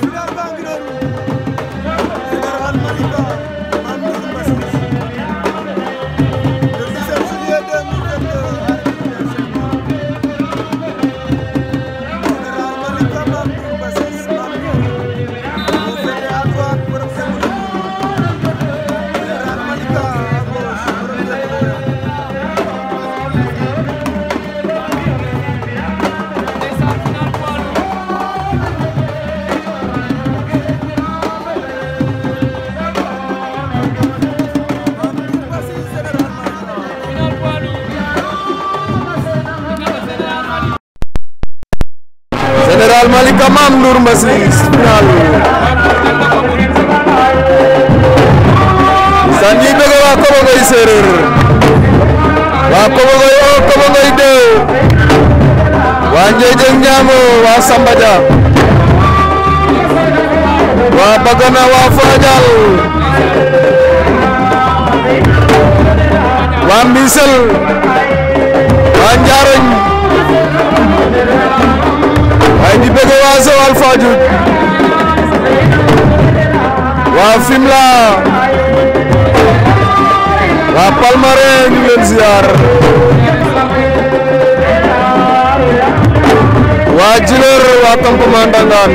Finalden bir Général Malika Mame Ndour Mbassi final san yi bëgg waa Kobangoy séeréer waa Kobangoy o oh, Kobangoy deux waa Njeejeng Ñaango waa Samba Dia waa Bagana waa Fadial bismilla waa Palmarin ñu leen ziar waa Djilor waa campement Ndangaan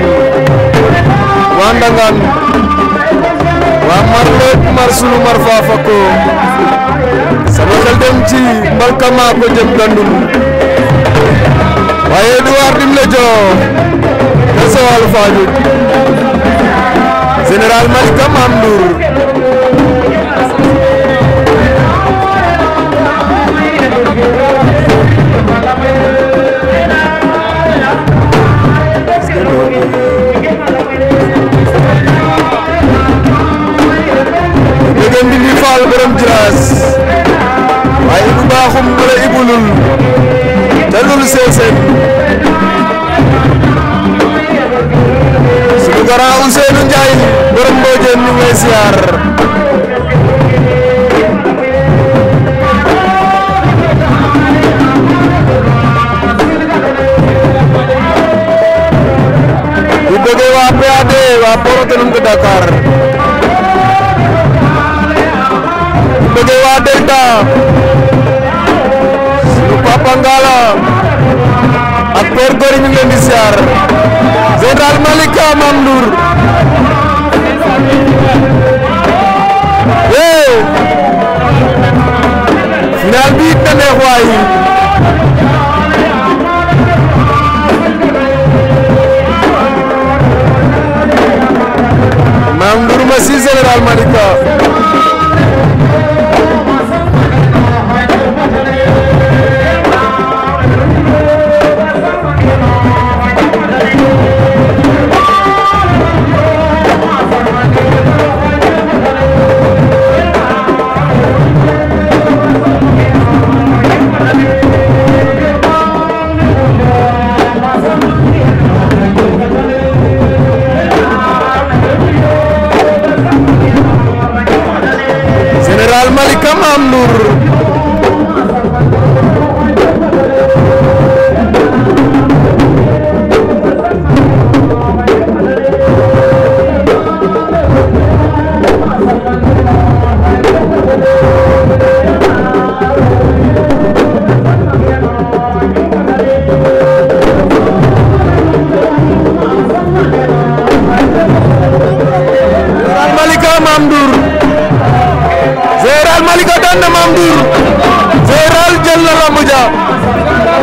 Ndangaan waa Marlet Mar Sulu Mar Fafako sama dem ci Mbalkama ko jëm Gandul waaye Edouard Dimle Dio Sowal Fadiouth Général Malika Mame Ndour dégg ndi faal borom Jilaas waaye ibu baaxum wala ibu lul te lul seeseen suñu garaaw siyaar bu bëggee waa PAD waa Port Autonome de Dakar bu bëggee waa Delta waay Mame Ndour ma si général Malika Nur daan na Mame Ndour Général jël na lamb ja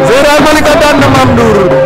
Général Malika daan na Mame Ndour